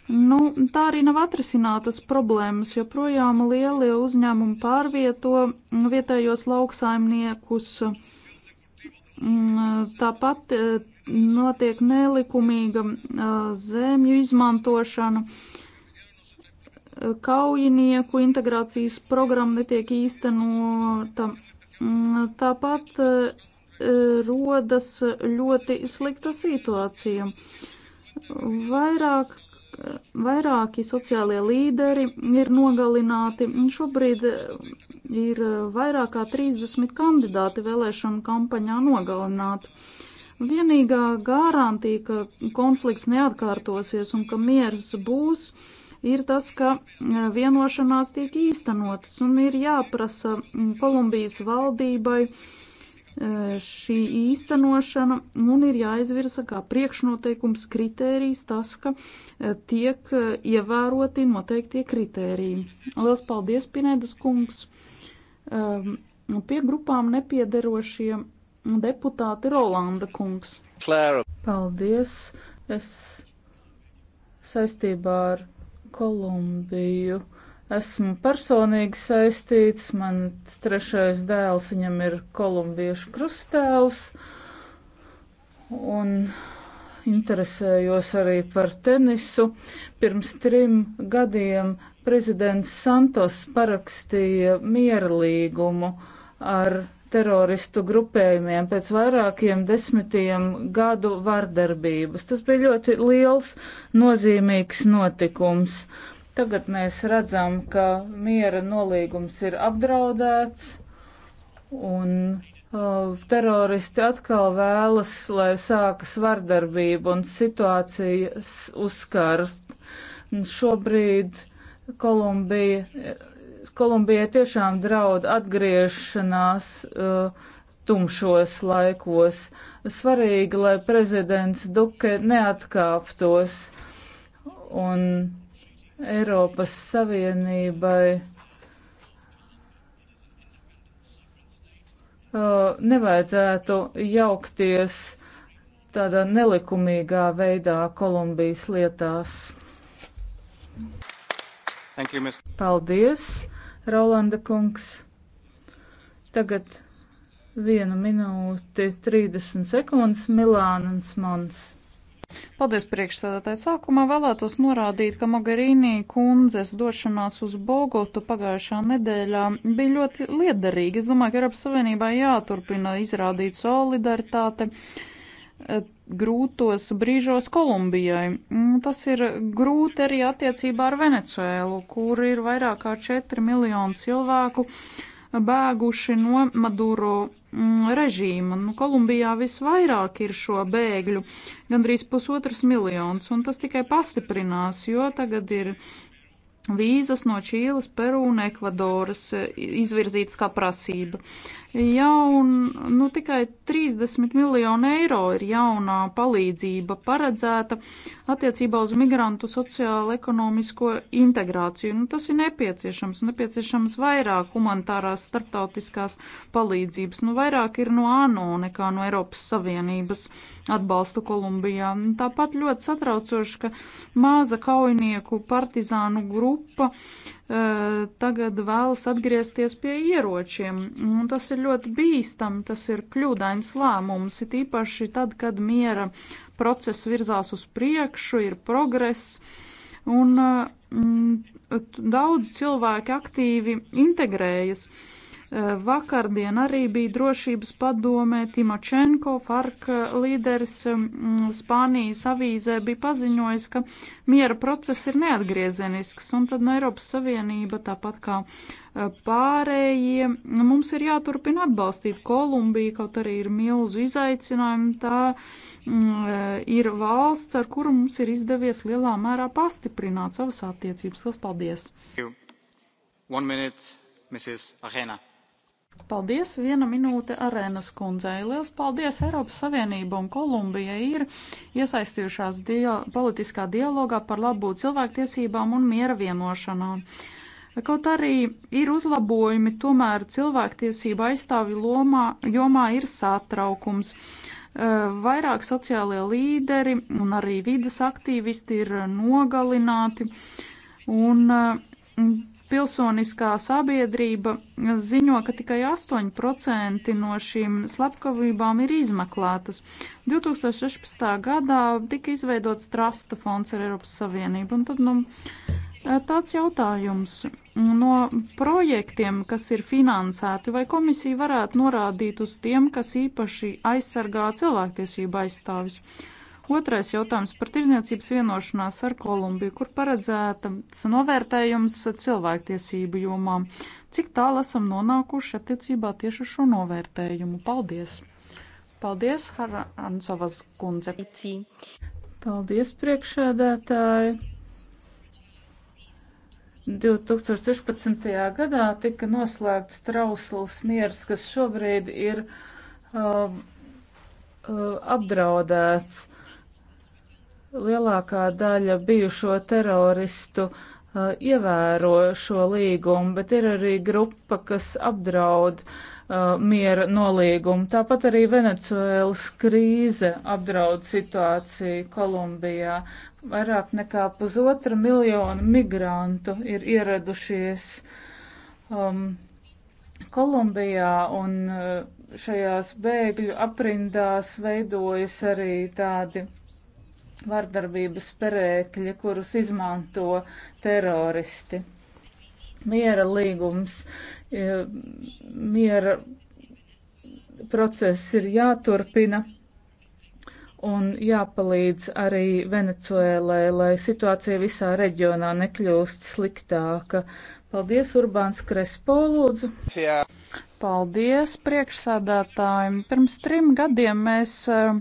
Nu, tā arī nav atrisinātas problēmas, jo projām lielie uzņēmumi pārvieto vietējos lauksaimniekus. Mm, tāpat eh, notiek nelikumīga eh, zemju izmantošana. Uh, kaujinieku integrācijas programma netiek īstenota. Mm, tāpat e, rodas ļoti slikta situācija. Vairāk, vairāki sociālie līderi ir nogalināti. Šobrīd ir vairāk kā 30 kandidāti vēlēšanu kampaņā nogalināti. Vienīgā garantija, ka konflikts neatkārtosies un ka miers būs, uh, ir tas, ka e, vienošanās tiek īstenotas un ir jāprasa Kolumbijas valdībai e, šī īstenošana un ir jāizvirza kā priekšnoteikums kritērijs tas, ka e, tiek ievēroti noteiktie kritēriji. Lielas paldies, Pinēdas kungs! Nu, pie grupām nepiederošie deputāti Rolanda kungs. Klara. Paldies! Es saistībā ar Kolumbiju. Esmu personīgi saistīts, man trešais dēls, viņam ir kolumbiešu krustēls, un interesējos arī par tenisu. Pirms trim gadiem prezidents Santos parakstīja mierlīgumu ar teroristu grupējumiem pēc vairākiem desmitiem gadu vardarbības. Tas bija ļoti liels, nozīmīgs notikums. Tagad mēs redzam, ka miera nolīgums ir apdraudēts un uh, teroristi atkal vēlas, lai sākas vardarbība un situācija uzkarst. Un šobrīd Kolumbija Kolumbijai tiešām draud atgriešanās uh, tumšos laikos. Svarīgi, lai prezidents Duke neatkāptos un Eiropas Savienībai uh, nevajadzētu jaukties tādā nelikumīgā veidā Kolumbijas lietās. Thank you, Ms. Paldies! Rolanda kungs. Tagad vienu minūti 30 sekundes Milānans Mons. Paldies priekšsēdētāji. Sākumā vēlētos norādīt, ka Mogherīnī kundzes došanās uz Bogotu pagājušā nedēļā bija ļoti liederīga. Es domāju, ka Eiropas Savienībā jāturpina izrādīt solidaritāte eh, grūtos brīžos Kolumbijai. Tas ir grūti arī attiecībā ar Venecuēlu, kur ir vairāk kā 4 miljoni cilvēku bēguši no Maduro mm, režīma. Nu, Kolumbijā visvairāk ir šo bēgļu, gandrīz pusotras miljonus, un tas tikai pastiprinās, jo tagad ir vīzas no Čīles, Peru un Ekvadoras e, izvirzītas kā prasība. Jaun, nu, tikai 30 miljonu eiro ir jaunā palīdzība paredzēta attiecībā uz migrantu sociālo-ekonomisko integrāciju. Nu, tas ir nepieciešams, nepieciešams vairāk humanitārās starptautiskās palīdzības. Nu, vairāk ir no ANO nekā no Eiropas Savienības atbalsta Kolumbijā. Tāpat ļoti satraucoši, ka māza kaujinieku partizānu grupa grupa eh, tagad vēlas atgriezties pie ieročiem. Un tas ir ļoti bīstami, tas ir kļūdains lēmums, it īpaši tad, kad miera process virzās uz priekšu, ir progress. Un mm, daudz cilvēki aktīvi integrējas. Uh, Vakardien arī bija drošības padomē Timočenko, FARC līderis um, Spānijas avīzē bija paziņojis, ka miera process ir neatgriezenisks, un tad no Eiropas Savienība, tāpat kā uh, pārējie, mums ir jāturpina atbalstīt Kolumbiju, kaut arī ir milzu izaicinājumu. Tā mm, uh, ir valsts, ar kuru mums ir izdevies lielā mērā pastiprināt savas attiecības. Lielas paldies! One minute, Mrs. Arena. Paldies, viena minūte arēnas kundzei. Liels paldies Eiropas Savienība un Kolumbija ir iesaistījušās dio politiskā dialogā par labu cilvēktiesībām un miera vienošanām. Kaut arī ir uzlabojumi, tomēr cilvēktiesība aizstāvi lomā, jomā ir satraukums. Eh, vairāk sociālie līderi un arī vidas aktīvisti ir nogalināti. Un eh, pilsoniskā sabiedrība ziņo, ka tikai 8% no šīm slepkavībām ir izmeklētas. 2016. gadā tika izveidots trasta fonds ar Eiropas Savienību, un tad, nu, tāds jautājums no projektiem, kas ir finansēti, vai komisija varētu norādīt uz tiem, kas īpaši aizsargā cilvēktiesību aizstāvis? Otrais jautājums par tirdzniecības vienošanās ar Kolumbiju, kur paredzēta novērtējums cilvēktiesību jomā. Cik tālu esam nonākuši attiecībā tieši ar šo novērtējumu? Paldies! Paldies, Harantsovas kundze! Paldies, priekšēdētāji! 2016. gadā tika noslēgts trausls miers, kas šobrīd ir uh, uh, apdraudēts lielākā daļa bijušo teroristu uh, ievēro šo līgumu, bet ir arī grupa, kas apdraud uh, miera nolīgumu. Tāpat arī Venecuēlas krīze apdraud situāciju Kolumbijā. Vairāk nekā pusotra miljona migrantu ir ieradušies um, Kolumbijā un uh, šajās bēgļu aprindās veidojas arī tādi vardarbības perēkļi, kurus izmanto teroristi. Miera līgums, e, miera process ir jāturpina un jāpalīdz arī Venecuēlē, lai situācija visā reģionā nekļūst sliktāka. Paldies, Urbāns Krespo, lūdzu. Jā. Paldies priekšsādātājiem. Pirms trim gadiem mēs uh,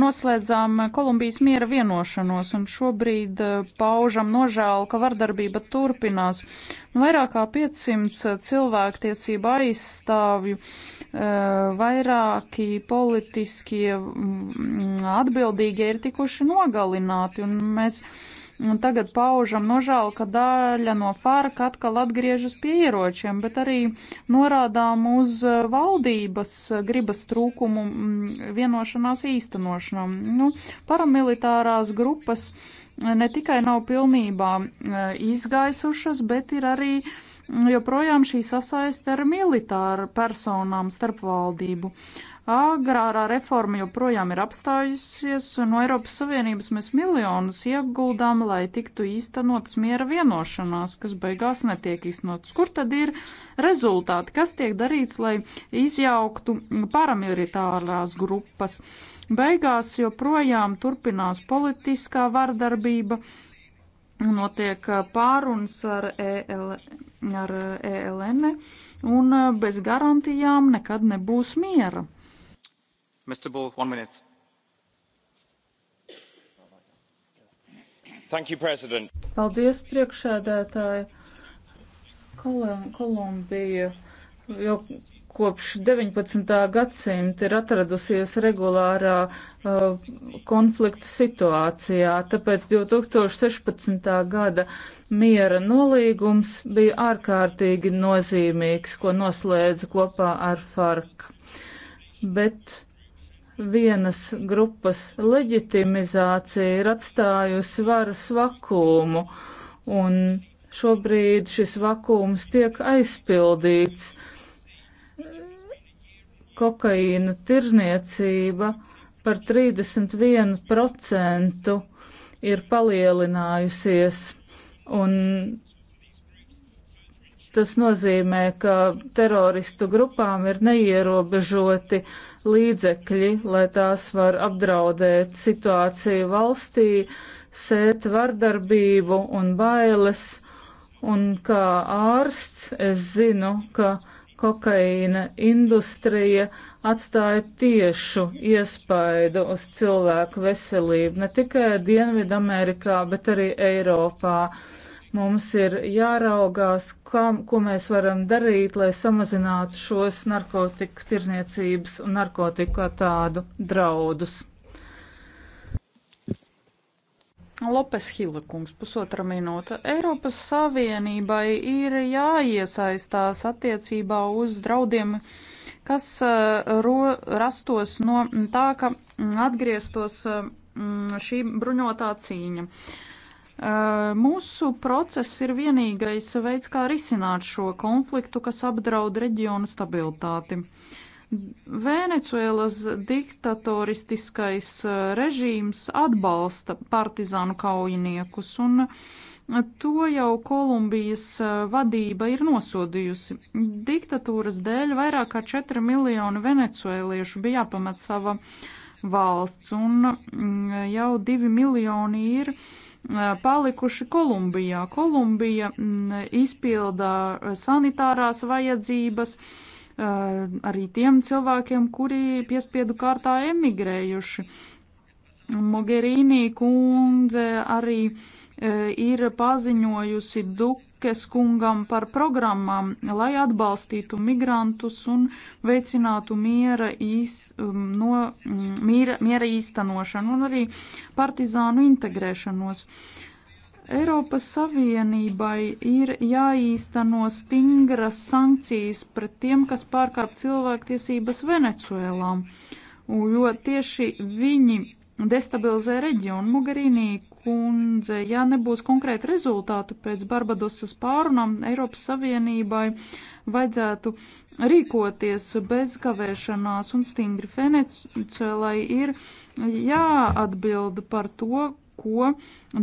noslēdzām Kolumbijas miera vienošanos un šobrīd paužam nožēlu, ka vardarbība turpinās. Nu, vairāk kā 500 cilvēktiesība aizstāvju, vairāki politiskie atbildīgie ir tikuši nogalināti un mēs Un tagad paužam nožēlu, ka daļa no farka atkal atgriežas pie ieročiem, bet arī norādām uz e, valdības e, gribas trūkumu vienošanās īstenošanam. Nu, paramilitārās grupas e, ne tikai nav pilnībā izgaisušas, bet ir arī joprojām šī sasaiste ar militāru personām starp valdību. Uh, Agrārā reforma joprojām ir apstājusies, un no Eiropas Savienības mēs miljonus ieguldām, lai tiktu īstenotas miera vienošanās, kas beigās netiek īstenotas. Kur tad ir rezultāti? Kas tiek darīts, lai izjauktu paramilitārās grupas? Beigās joprojām turpinās politiskā vardarbība, notiek pārunas ar, EL, ar ELN, un bez garantijām nekad nebūs miera mr president paldies priekšsēdētāji. Kolumbija jau kopš 19. gadsimta ir atradusies regulārā uh, konflikta situācijā, tāpēc 2016. gada miera nolīgums bija ārkārtīgi nozīmīgs, ko noslēdza kopā ar FARC. Bet vienas grupas leģitimizācija ir atstājusi varas vakumu, un šobrīd šis vakums tiek aizpildīts. Kokaīna tirzniecība par 31% ir palielinājusies, un Tas nozīmē, ka teroristu grupām ir neierobežoti līdzekļi, lai tās var apdraudēt situāciju valstī, sēt vardarbību un bailes. Un kā ārsts es zinu, ka kokaīna industrija atstāja tiešu iespaidu uz cilvēku veselību ne tikai Dienvidamerikā, bet arī Eiropā. Mums ir jāraugās, kam, ko mēs varam darīt, lai samazinātu šos narkotiku tirniecības un narkotiku kā tādu draudus. Lopes Hila kungs, pusotra minūte. Eiropas Savienībai ir jāiesaistās attiecībā uz draudiem, kas eh, ro, rastos no tā, ka atgrieztos eh, šī bruņotā cīņa. Uh, Eh, mūsu process ir vienīgais veids, kā risināt šo konfliktu, kas apdraud reģiona stabilitāti. Venecuēlas diktatoristiskais eh, režīms atbalsta partizānu kaujiniekus, un eh, to jau Kolumbijas vadība ir nosodījusi. Diktatūras dēļ vairāk kā 4 miljoni venecuēliešu bija jāpamet sava valsts, un mm, jau 2 miljoni ir palikuši Kolumbijā. Kolumbija mm, izpilda sanitārās vajadzības arī tiem cilvēkiem, kuri piespiedu kārtā emigrējuši. Mogherīnī kundze arī ir paziņojusi duk Markes kungam par programmām, lai atbalstītu migrantus un veicinātu miera, īs, um, no, mm, miera, miera īstenošanu un arī partizānu integrēšanos. Eiropas Savienībai ir jāīsteno stingras sankcijas pret tiem, kas pārkāp cilvēktiesības Venecuēlā, jo tieši viņi destabilizē reģionu. Mugarīnī kundze, ja nebūs konkrēti rezultāti pēc Barbadosas pārunām, Eiropas Savienībai vajadzētu rīkoties bez kavēšanās un stingri Venecuēlai ir jāatbild par to, ko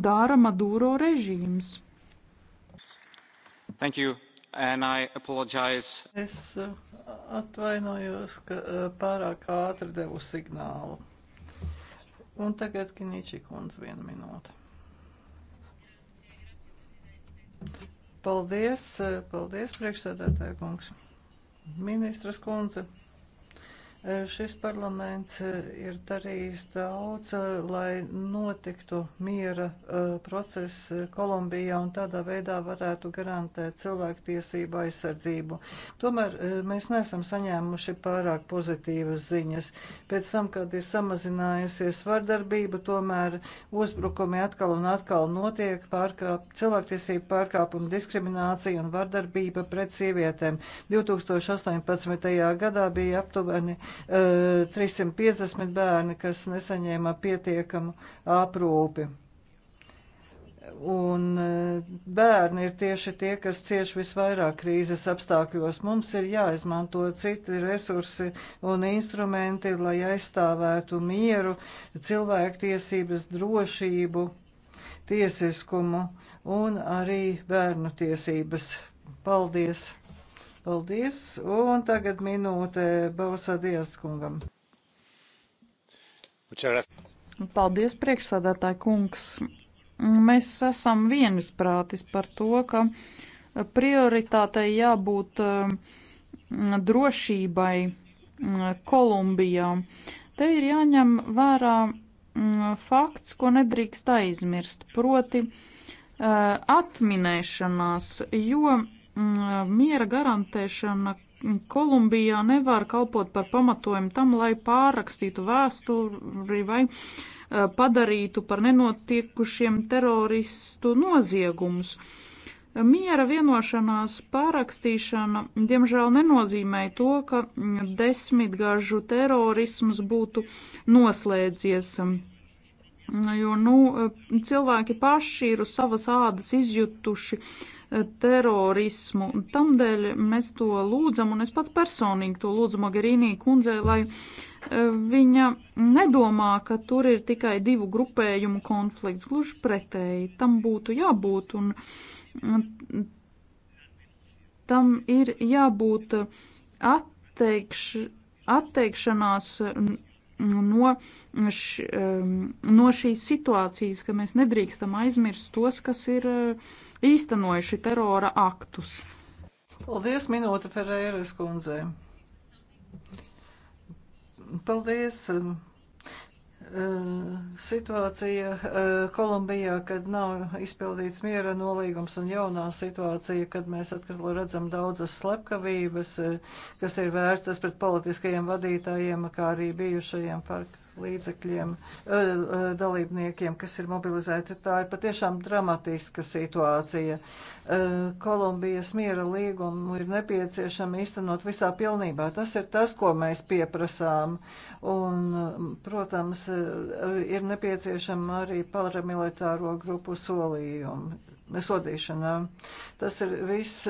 dara Maduro režīms. Thank you. And I apologize. Es uh, atvainojos, ka uh, pārāk ātri devu signālu. Un tagad Kiniči kundze viena minūte. Paldies, paldies priekšsēdētāja kungs. Ministras kundze. Šis parlaments eh, ir darījis daudz, eh, lai notiktu miera eh, process Kolumbijā un tādā veidā varētu garantēt cilvēktiesību aizsardzību. Tomēr mēs nesam saņēmuši pārāk pozitīvas ziņas. Pēc tam, kad ir samazinājusies vardarbība, tomēr uzbrukumi atkal un atkal notiek, pārkāp, cilvēktiesību pārkāpuma diskriminācija un vardarbība pret sievietēm. 2018. gadā bija aptuveni 350 eh, bērni, kas nesaņēma pietiekamu aprūpi. Un eh, bērni ir tieši tie, kas cieš visvairāk krīzes apstākļos. Mums ir jāizmanto citi resursi un instrumenti, lai aizstāvētu mieru, cilvēktiesības, drošību, tiesiskumu un arī bērnu tiesības. Paldies! Paldies, un tagad minūte Bavasādijas kungam. Paldies, priekšsādātāji kungs. Mēs esam vienisprātis par to, ka prioritātei jābūt drošībai Kolumbijā. Te ir jāņem vērā fakts, ko nedrīkst aizmirst, proti e, atminēšanās, jo Mm, miera garantēšana Kolumbijā nevar kalpot par pamatojumu tam, lai pārrakstītu vēsturi vai eh, padarītu par nenotiekušiem teroristu noziegumus. Miera vienošanās pārakstīšana, diemžēl, nenozīmēja to, ka desmitgažu terorisms būtu noslēdzies, jo nu, cilvēki paši ir uz savas ādas izjutuši uh, Eh, terorismu. Tamdēļ mēs to lūdzam, un es pats personīgi to lūdzu Magarīnī kundzē, lai eh, viņa nedomā, ka tur ir tikai divu grupējumu konflikts. Gluži pretēji, tam būtu jābūt, un eh, tam ir jābūt atteikš, atteikšanās no, š, no šīs situācijas, ka mēs nedrīkstam aizmirst tos, kas ir uh, īstenojuši terora aktus. Paldies, minūte Ferēras kundzei. Paldies eh, eh, situācija eh, Kolumbijā, kad nav izpildīts miera nolīgums un jaunā situācija, kad mēs atkal redzam daudzas slepkavības, kas ir vērstas pret politiskajiem vadītājiem, kā arī bijušajiem par līdzekļiem, eh, eh, dalībniekiem, kas ir mobilizēti. Tā ir patiešām dramatiska situācija. Eh, Kolumbijas miera līgumu ir nepieciešama īstenot visā pilnībā. Tas ir tas, ko mēs pieprasām. Un, protams, ir nepieciešama arī paramilitāro grupu solījumi. Sodīšanā. Tas ir viss.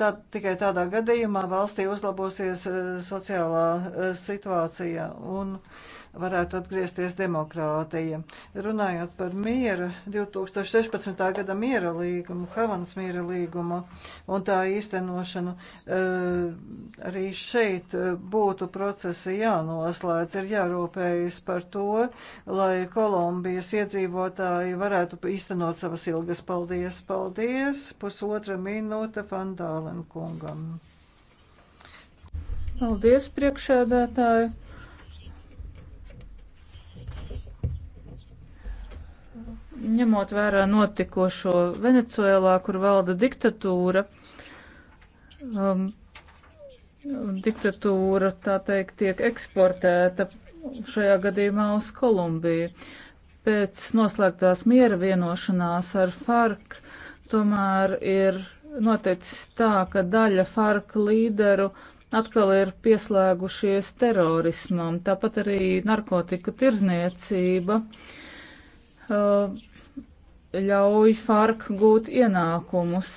Tā, tikai tādā gadījumā valstī uzlabosies sociālā situācija un uh, varētu atgriezties demokrātija. Runājot par mieru, 2016. gada miera līgumu, Havanas miera līgumu un tā īstenošanu, eh, arī šeit eh, būtu procesi jānoslēdz, ir jārūpējas par to, lai Kolumbijas iedzīvotāji varētu īstenot savas ilgas paldies. Paldies! Pusotra minūte Fandālenkungam. Paldies, priekšēdētāji! Ņemot vērā notikošo Venecuēlā, kur valda diktatūra, um, diktatūra, tā teikt, tiek eksportēta šajā gadījumā uz Kolumbiju. Pēc noslēgtās miera vienošanās ar FARC tomēr ir noteicis tā, ka daļa FARC līderu atkal ir pieslēgušies terorismam, tāpat arī narkotiku tirzniecība. Uh, Uh, ļauj FARC gūt ienākumus.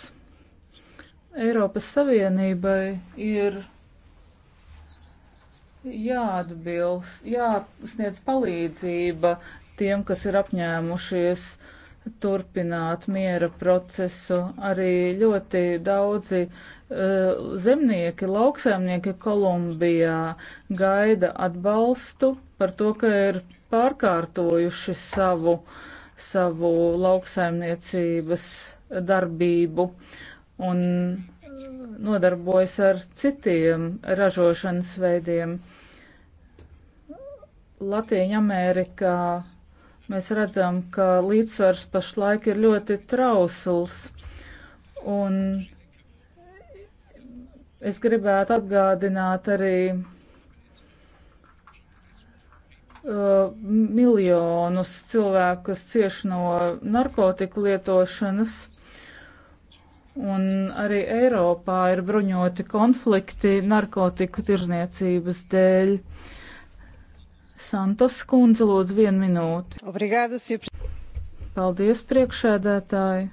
Eiropas Savienībai ir jāatbilst, jāsniedz palīdzība tiem, kas ir apņēmušies turpināt miera procesu. Arī ļoti daudzi uh, zemnieki, lauksaimnieki Kolumbijā gaida atbalstu par to, ka ir pārkārtojuši savu, savu lauksaimniecības darbību un nodarbojas ar citiem ražošanas veidiem. Latvijā, Amerikā mēs redzam, ka līdzsvars pašlaik ir ļoti trausls. Un es gribētu atgādināt arī miljonus cilvēku, kas cieš no narkotiku lietošanas. Un arī Eiropā ir bruņoti konflikti narkotiku tirzniecības dēļ. Santos kundze, lūdzu, vienu minūti. Obrigādas jums. Paldies, priekšēdētāji.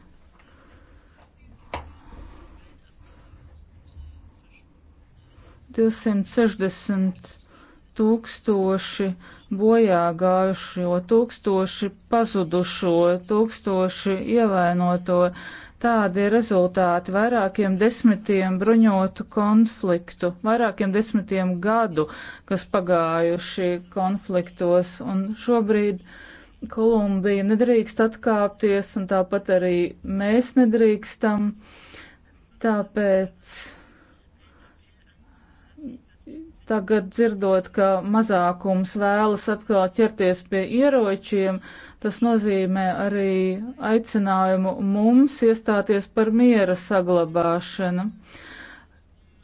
Divsimt sešdesmit tūkstoši bojā gājušo, tūkstoši pazudušo, tūkstoši ievainoto. Tādi ir rezultāti vairākiem desmitiem bruņotu konfliktu, vairākiem desmitiem gadu, kas pagājuši konfliktos. Un šobrīd Kolumbija nedrīkst atkāpties, un tāpat arī mēs nedrīkstam. Tāpēc Tagad dzirdot, ka mazākums vēlas atkal ķerties pie ieročiem, tas nozīmē arī aicinājumu mums iestāties par miera saglabāšanu.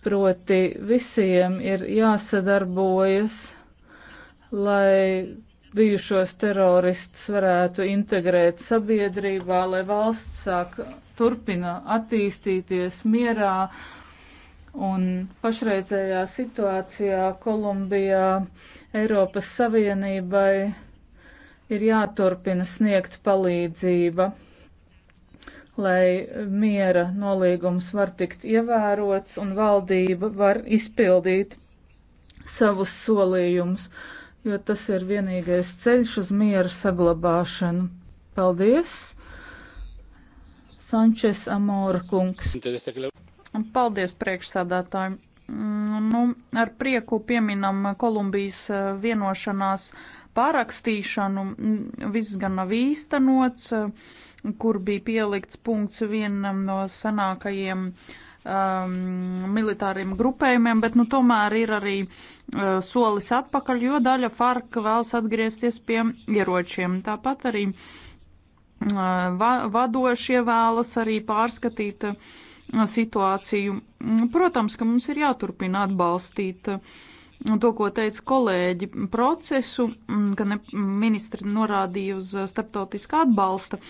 Proti visiem ir jāsadarbojas, lai bijušos teroristus varētu integrēt sabiedrībā, lai valsts sāk turpina attīstīties mierā Un pašreizējā situācijā Kolumbijā Eiropas Savienībai ir jāturpina sniegt palīdzība, lai miera nolīgums var tikt ievērots un valdība var izpildīt savus solījumus, jo tas ir vienīgais ceļš uz miera saglabāšanu. Paldies! Sančes Amora kungs. Paldies priekšsādātājiem! Mm, nu, ar prieku pieminam Kolumbijas eh, vienošanās pārakstīšanu. Mm, viss gan nav īstenots, eh, kur bija pielikts punkts vienam no senākajiem um, militāriem grupējumiem, bet nu, tomēr ir arī uh, solis atpakaļ, jo daļa FARC vēlas atgriezties pie ieročiem. Tāpat arī uh, va vadošie vēlas arī pārskatīt. Uh, situāciju. Protams, ka mums ir jāturpina atbalstīt to, ko teica kolēģi, procesu, mm, ka ne, ministri norādīja uz starptautiskā atbalsta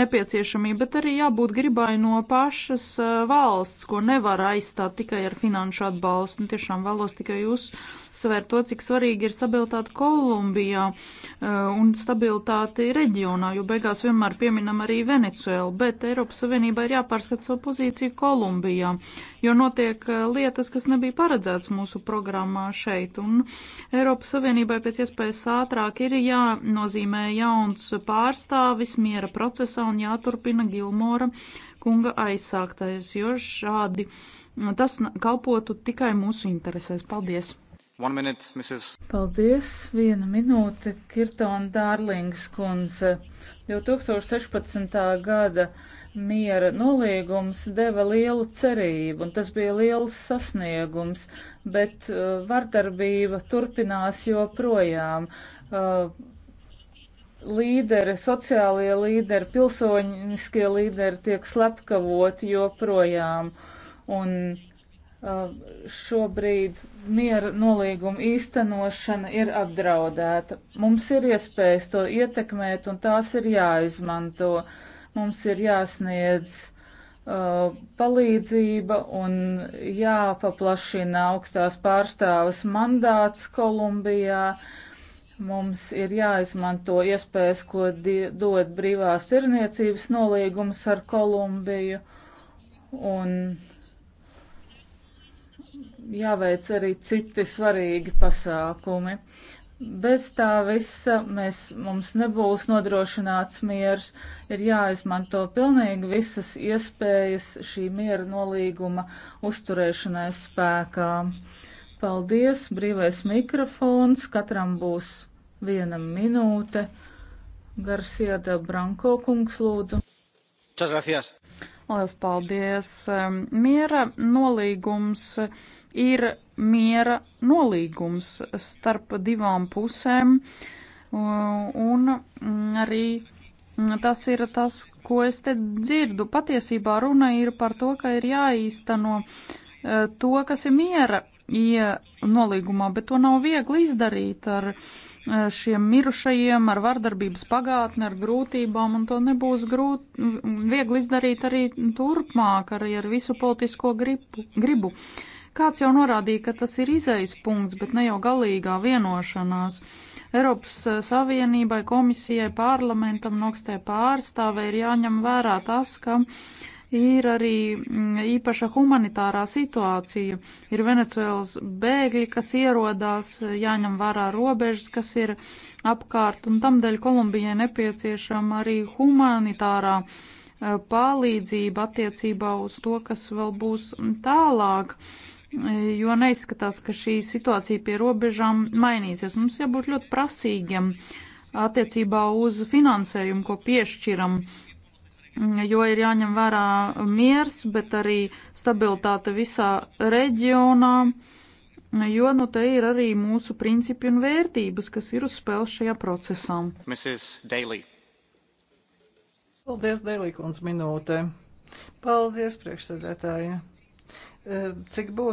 nepieciešamību, bet arī jābūt gribai no pašas eh, valsts, ko nevar aizstāt tikai ar finanšu atbalstu. Un nu, tiešām vēlos tikai uzsvērt uzsver to, cik svarīgi ir stabilitāte Kolumbijā eh, un stabilitāte reģionā, jo beigās vienmēr pieminam arī Venecuēlu, bet Eiropas Savienībā ir jāpārskata savu pozīciju Kolumbijā, jo notiek eh, lietas, kas nebija paredzēts mūsu programmā šeit, un Eiropas Savienībai pēc iespējas ātrāk ir jānozīmē jauns pārstāvis miera procesā un jāturpina Gilmora kunga aizsāktais, jo šādi tas kalpotu tikai mūsu interesēs. Paldies! Minute, Mrs... Paldies, viena minūte, Kirtona Dārlings kundze. 2016. gada miera nolīgums deva lielu cerību, un tas bija liels sasniegums, bet uh, vardarbība turpinās joprojām. Uh, līderi, sociālie līderi, pilsoņiskie līderi tiek slepkavoti joprojām. Un, uh, Um, šobrīd miera nolīguma īstenošana ir apdraudēta. Mums ir iespējas to ietekmēt un tās ir jāizmanto. Mums ir jāsniedz uh, palīdzība un jāpaplašina augstās pārstāvis mandāts Kolumbijā. Mums ir jāizmanto iespējas, ko dod brīvās tirniecības nolīgums ar Kolumbiju. Un, uh, jāveic arī citi svarīgi pasākumi. Bez tā visa mēs, mums nebūs nodrošināts miers, ir jāizmanto pilnīgi visas iespējas šī miera nolīguma uzturēšanai spēkā. Paldies, brīvais mikrofons, katram būs viena minūte. Garsieda Branko kungs lūdzu. Čas, gracias. Lielas paldies. Miera nolīgums ir miera nolīgums starp divām pusēm, un arī tas ir tas, ko es te dzirdu. Patiesībā runa ir par to, ka ir jāīsteno eh, to, kas ir miera ja nolīgumā, bet to nav viegli izdarīt ar eh, šiem mirušajiem, ar vardarbības pagātni, ar grūtībām, un to nebūs grūt, viegli izdarīt arī turpmāk, arī ar visu politisko gribu. gribu. Kāds jau norādīja, ka tas ir izejas punkts, bet ne jau galīgā vienošanās. Eiropas eh, Savienībai, komisijai, parlamentam, nokstai pārstāvē ir jāņem vērā tas, ka ir arī mm, īpaša humanitārā situācija. Ir Venecuēlas bēgļi, kas ierodās, jāņem vērā robežas, kas ir apkārt, un tamdēļ Kolumbijai nepieciešama arī humanitārā eh, palīdzība attiecībā uz to, kas vēl būs mm, tālāk jo neizskatās, ka šī situācija pie robežām mainīsies. Mums jābūt ļoti prasīgiem attiecībā uz finansējumu, ko piešķiram, jo ir jāņem vērā miers, bet arī stabilitāte visā reģionā, jo nu te ir arī mūsu principi un vērtības, kas ir uz spēles šajā procesā. Mrs. Daly. Paldies, Dēlīkums, minūte. Paldies, priekšsēdētāji. Eh, cik būtu